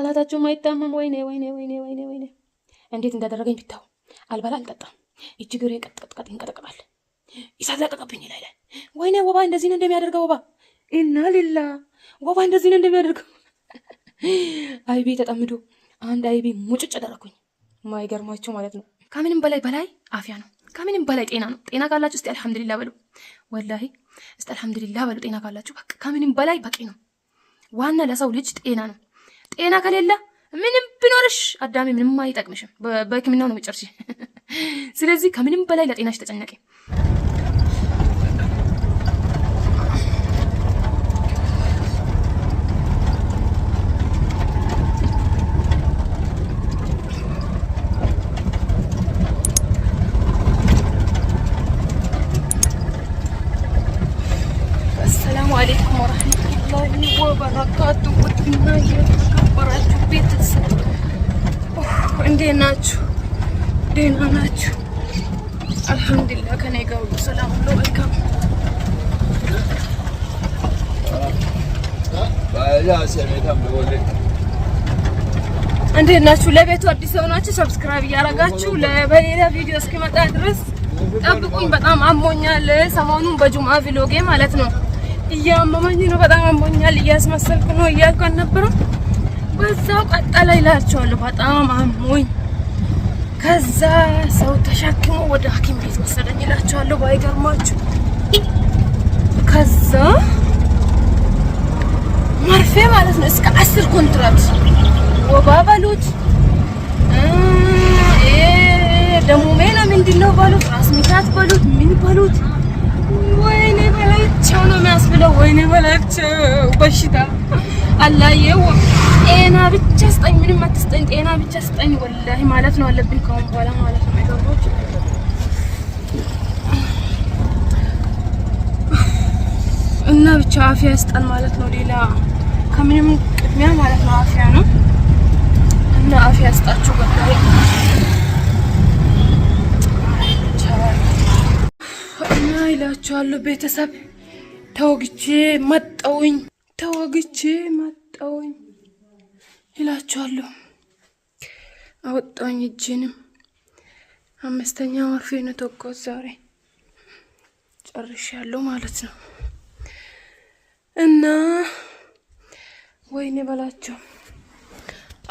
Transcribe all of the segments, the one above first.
ጠላታችሁም አይታመም። ወይኔ ወይኔ ወይኔ ወይኔ ወይኔ እንዴት እንዳደረገኝ ብታው። አልበላ አልጠጣም። እጅ ግሬ ቀጥቀጥቀጥ ይንቀጠቀጣል። እሳት ይላል። ወይኔ ወባ እንደዚህ ነው እንደሚያደርገው ወባ እና ሌላ ወባ እንደዚህ ነው እንደሚያደርገው። አይቤ ተጠምዶ አንድ አይቤ ሙጭጭ አደረኩኝ። ማይገርማቸው ማለት ነው። ከምንም በላይ በላይ አፍያ ነው። ከምንም በላይ ጤና ነው። ጤና ካላችሁ እስቲ አልሐምዱሊላ በሉ። ወላሂ እስቲ አልሐምዱሊላ በሉ። ጤና ካላችሁ በቃ ከምንም በላይ በቂ ነው። ዋና ለሰው ልጅ ጤና ነው። تينا كليلا من بنورش قدامي من ما يتقمش بايك من نونو بيشرشي سلازي كمن بلاي لا تيناش تتعنكي السلام عليكم ورحمة الله وبركاته ودنا يا የተከበራችሁ ቤተሰብ እንዴት ናችሁ? ደህና ናችሁ? አልሐምዱሊላህ ከኔ ጋር ሁሉ ሰላም ሁሉ መልካም። እንዴት ናችሁ? ለቤቱ አዲስ የሆናችሁ ሰብስክራይብ እያደረጋችሁ በሌላ ቪዲዮ እስኪመጣ ድረስ ጠብቁኝ። በጣም አሞኛል። ሰሞኑን በጁማ ቪሎጌ ማለት ነው እያመመኝ ነው። በጣም አሞኛል እያስመሰልኩ ነው እያልኩ አልነበረም በዛው ቀጠለ ይላቸዋለሁ። በጣም አሞኝ ከዛ ሰው ተሸክሞ ወደ ሐኪም ቤት ወሰደኝ ይላቸዋለሁ። ባይገርማችሁ ከዛ መርፌ ማለት ነው እስከ አስር ኮንትራት ወባ በሉት ደሞ ሜላ ምንድን ነው በሉት ራስ ምታት በሉት ምን በሉት ወይኔ በላቸው ነው የሚያስብለው። ወይኔ በላቸው በሽታ አላየው ጤና ብቻ ስጠኝ፣ ምንም አትስጠኝ፣ ጤና ብቻ ስጠኝ። ወላሂ ማለት ነው አለብኝ ከአሁን በኋላ ማለት ነው። አይገርሞች እና ብቻ አፍያ ስጠን ማለት ነው። ሌላ ከምንም ቅድሚያ ማለት ነው አፍያ ነው እና አፍያ ስጣችሁ ወላሂ ይላችኋለሁ ቤተሰብ ተወግቼ መጣውኝ ተወግቼ መጣውኝ። ይላችኋለሁ። አወጣኝ እጅንም አምስተኛ ወርፌ ነው ተቆት ዛሬ ጨርሻለሁ ማለት ነው። እና ወይኔ በላቸው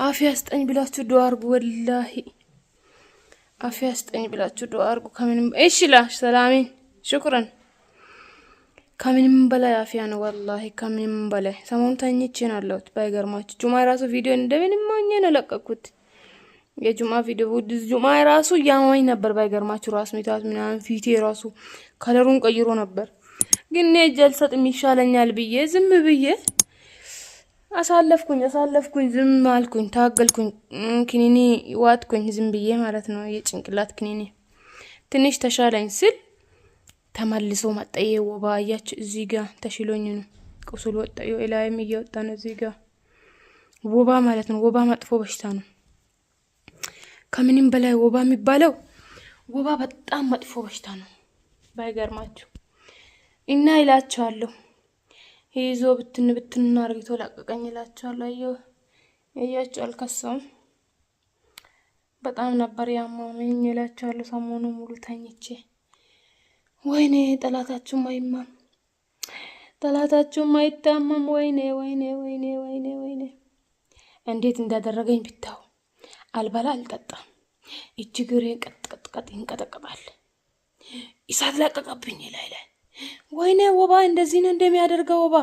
አፍ ያስጠኝ ብላችሁ ዱአ አርጉ። ወላሂ አፍ ያስጠኝ ብላችሁ ዱአ አርጉ። ከምንም እሺ ላ ሰላሜን ሽኩረን ከምንም በላይ አፍያ ነው። ወላሂ ከምንም በላይ ሰሞኑን ተኝቼ ነው አለሁት። ባይገርማችሁ ጁማ የራሱ ቪዲዮ እንደምንም ሆኜ ነው ለቀኩት። የጁማ ቪዲዮ ጁማ የራሱ እያማኝ ነበር። ባይገርማችሁ ራሱ ሚታት ምናምን ፊቴ ራሱ ከለሩን ቀይሮ ነበር። ግን እኔ እጅ አልሰጥም ብዬ ዝም ብዬ አሳለፍኩኝ አሳለፍኩኝ። ዝም አልኩኝ፣ ታገልኩኝ። ክኒኒ ዋትኩኝ፣ ዝም ብዬ ማለት ነው የጭንቅላት ክኒኒ። ትንሽ ተሻለኝ ስል ተመልሶ መጣዬ ወባ አያችሁ፣ እዚህ ጋ ተሽሎኝ ነው። ቁስል ወጣዩ ላይም እየወጣ ነው። እዚህ ጋ ወባ ማለት ነው። ወባ መጥፎ በሽታ ነው። ከምንም በላይ ወባ የሚባለው ወባ በጣም መጥፎ በሽታ ነው። ባይገርማችሁ እና ይላችኋለሁ፣ ይዞ ብትን ብትን አርግቶ ላቀቀኝ ይላችኋለሁ። አየ ያያችሁ፣ አልከሳውም። በጣም ነበር ያማመኝ ይላችኋለሁ። ሰሞኑ ሙሉ ተኝቼ ወይኔ ጠላታችሁም አይማም ጠላታችሁም አይታመም። ወይኔ ወይኔ ወይኔ ወይኔ ወይኔ እንዴት እንዳደረገኝ ብታው። አልበላ አልጠጣም። እጅግሬ ቀጥቀጥቀጥ ይንቀጠቀጣል። እሳት ላቀቀብኝ ላይ ላይ ወይኔ ወባ እንደዚህ ነው እንደሚያደርገው ወባ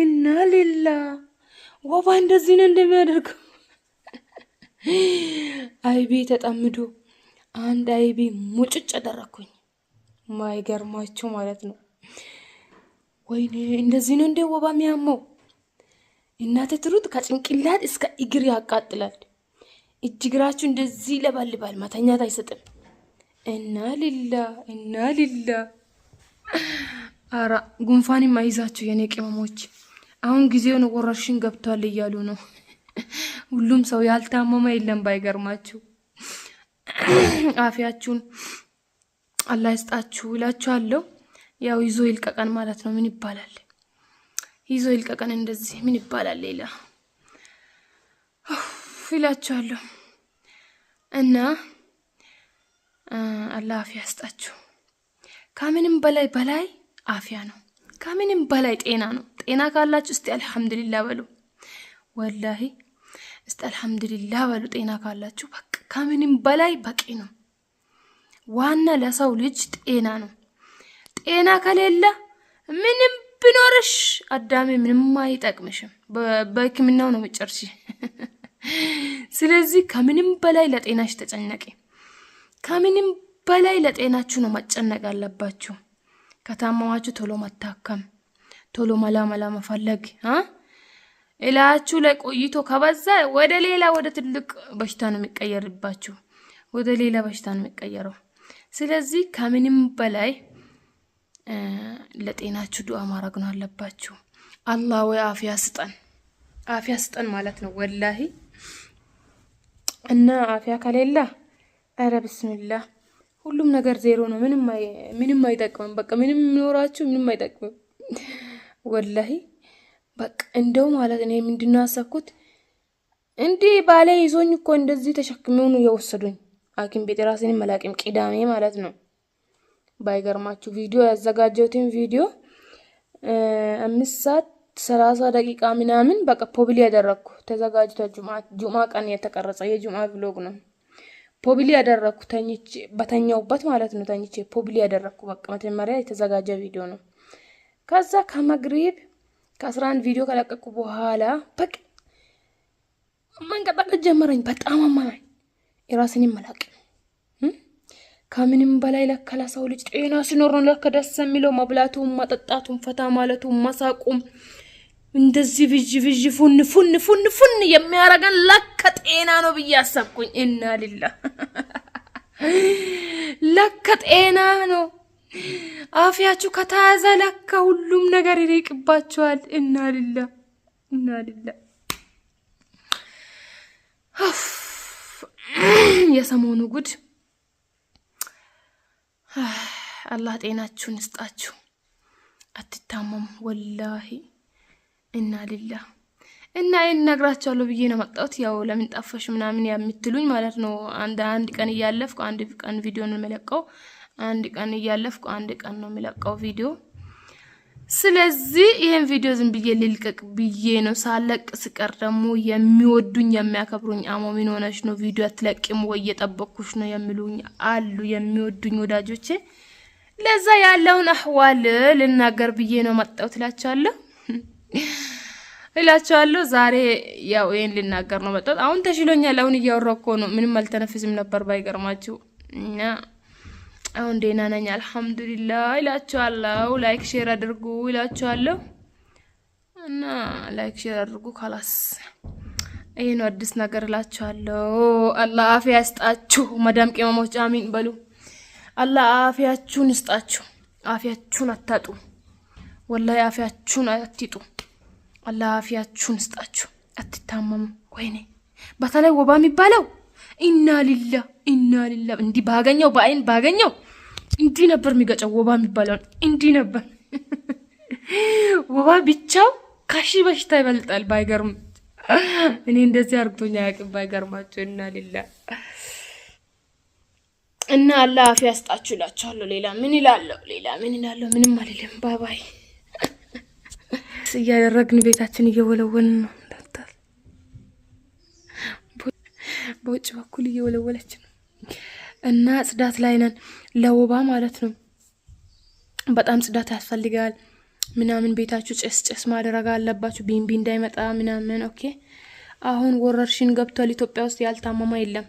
እና ሌላ ወባ እንደዚህ ነው እንደሚያደርገው አይቢ ተጠምዶ አንድ አይቢ ሙጭጭ አደረግኩኝ። ማይገርማችሁ ማለት ነው። ወይኔ እንደዚህ ነው እንደ ወባ የሚያመው። እናተ ትሩት ከጭንቅላት እስከ እግር ያቃጥላል። እጅ እግራችሁ እንደዚህ ለባልባል፣ መተኛት አይሰጥም። እና ሊላ እና ሊላ አራ ጉንፋን አይዛችሁ የኔ ቅመሞች፣ አሁን ጊዜው ነው፣ ወረርሽኝ ገብቷል እያሉ ነው። ሁሉም ሰው ያልታመመ የለም። ባይገርማችሁ አፊያችሁን አላህ ይስጣችሁ እላችኋለሁ። ያው ይዞ ይልቀቀን ማለት ነው። ምን ይባላል? ይዞ ይልቀቀን። እንደዚህ ምን ይባላል? ሌላ ይላችኋለሁ እና አላህ አፍያ ይስጣችሁ። ከምንም በላይ በላይ አፍያ ነው። ከምንም በላይ ጤና ነው። ጤና ካላችሁ እስቲ አልሐምዱሊላ በሉ። ወላሂ እስቲ አልሐምዱሊላ በሉ። ጤና ካላችሁ በቃ ከምንም በላይ በቂ ነው። ዋና ለሰው ልጅ ጤና ነው። ጤና ከሌለ ምንም ብኖርሽ አዳሜ ምንም አይጠቅምሽም። በሕክምናው ነው መጨርሽ። ስለዚህ ከምንም በላይ ለጤናሽ ተጨነቂ። ከምንም በላይ ለጤናችሁ ነው መጨነቅ አለባችሁ። ከታማዋችሁ ቶሎ መታከም፣ ቶሎ መላ መላ መፈለግ እላችሁ ላይ ቆይቶ ከበዛ ወደ ሌላ ወደ ትልቅ በሽታ ነው የሚቀየርባችሁ። ወደ ሌላ በሽታ ነው የሚቀየረው። ስለዚህ ከምንም በላይ ለጤናችሁ ዱዓ ማድረግ ነው አለባችሁ። አላህ ወይ አፍያ ስጠን፣ አፍያ ስጠን ማለት ነው ወላሂ እና አፍያ ከሌላ አረ ብስሚላህ ሁሉም ነገር ዜሮ ነው። ምንም አይጠቅምም። በቃ ምንም የሚኖራችሁ ምንም አይጠቅምም ወላሂ። በቃ እንደው ማለት እኔ ምንድን ነው ያሰብኩት እንዲህ ባለ ይዞኝ እኮ እንደዚህ ነው የወሰዱኝ ሐኪም ቤት ራሴን መላቅም ቅዳሜ ማለት ነው። ባይገርማችሁ ቪዲዮ ያዘጋጀሁትን ቪዲዮ አምስት ሰዓት ሰላሳ ደቂቃ ምናምን በቃ ፖብሊ ያደረግኩ ተዘጋጅቶ ጁማ ቀን የተቀረጸ የጁማ ብሎግ ነው። ፖብሊ ያደረግኩ ተኝቼ በተኛውበት ማለት ነው። ተኝቼ ፖብሊ ያደረግኩ በቃ መጀመሪያ የተዘጋጀ ቪዲዮ ነው። ከዛ ከመግሪብ ከአስራ አንድ ቪዲዮ ከለቀቁ በኋላ በቃ መንቀጠቀጥ ጀመረኝ። በጣም አማናኝ የራስን ይመላቅ ከምንም በላይ ለካ ለሰው ልጅ ጤና ሲኖር ነው ለካ ደስ የሚለው መብላቱም፣ መጠጣቱም፣ ፈታ ማለቱም፣ ማሳቁም እንደዚህ ብዥ ብዥ ፉን ፉን ፉን ፉን የሚያረገን ለካ ጤና ነው ብዬ አሰብኩኝ። እና ሊላ ለካ ጤና ነው። አፍያችሁ ከተያዘ ለካ ሁሉም ነገር ይርቅባችኋል። እና ሊላ እና ሊላ ግን የሰሞኑ ጉድ አላህ ጤናችሁን ይስጣችሁ። አትታመሙ። ወላሂ እና ሊላ እና ይህን እነግራቸዋለሁ ብዬ ነው መጣሁት። ያው ለምን ጠፋሽ ምናምን የምትሉኝ ማለት ነው። አንድ አንድ ቀን እያለፍኩ አንድ ቀን ቪዲዮ ነው የሚለቀው። አንድ ቀን እያለፍኩ አንድ ቀን ነው የሚለቀው ቪዲዮ ስለዚህ ይህን ቪዲዮ ዝም ብዬ ልልቀቅ ብዬ ነው። ሳለቅ ስቀር ደግሞ የሚወዱኝ የሚያከብሩኝ አሞሚን ሆነች ነው ቪዲዮ አትለቅም ወይ እየጠበቅኩሽ ነው የሚሉኝ አሉ፣ የሚወዱኝ ወዳጆቼ። ለዛ ያለውን አህዋል ልናገር ብዬ ነው መጣሁት እላቸዋለሁ እላቸዋለሁ። ዛሬ ያው ይህን ልናገር ነው መጣሁት። አሁን ተሽሎኛል። አሁን እያወራሁ እኮ ነው። ምንም አልተነፍስም ነበር ባይገርማችሁ እና አሁን ደህና ነኝ አልሐምዱሊላህ ይላችኋለሁ። ላይክ ሼር አድርጉ ይላችኋለሁ እና ላይክ ሼር አድርጉ። ካላስ ይሄ ነው አዲስ ነገር እላችኋለሁ። አላህ አፍያ ይስጣችሁ። መዳም ቅመሞች አሚን በሉ። አላህ አፍያችሁን ይስጣችሁ። አፊያችሁን አታጡ። ወላሂ አፍያችሁን አትጡ። አላህ አፍያችሁን ይስጣችሁ። አትታመሙ። ወይኔ በተለይ ወባ የሚባለው ኢና ሊላ እና ሊላ እንዲህ ባገኘው በአይን ባገኘው እንዲህ ነበር የሚገጨው። ወባ የሚባለውን እንዲህ ነበር። ወባ ብቻው ካሺ በሽታ ይበልጣል። ባይገርም እኔ እንደዚህ አርግቶኛ ያቅም ባይገርማቸው። እና ሌላ እና አላ አፍ ያስጣችሁ እላችኋለሁ። ሌላ ምን ይላለሁ? ሌላ ምን ይላለሁ? ምንም አልልም። ባይ ባይ። እያደረግን ቤታችን እየወለወልን ነው በውጭ በኩል እየወለወለች ነው። እና ጽዳት ላይ ነን፣ ለወባ ማለት ነው። በጣም ጽዳት ያስፈልጋል ምናምን። ቤታችሁ ጭስ ጭስ ማድረግ አለባችሁ፣ ቢንቢ እንዳይመጣ ምናምን። ኦኬ። አሁን ወረርሽኝ ገብቷል ኢትዮጵያ ውስጥ ያልታመማ የለም።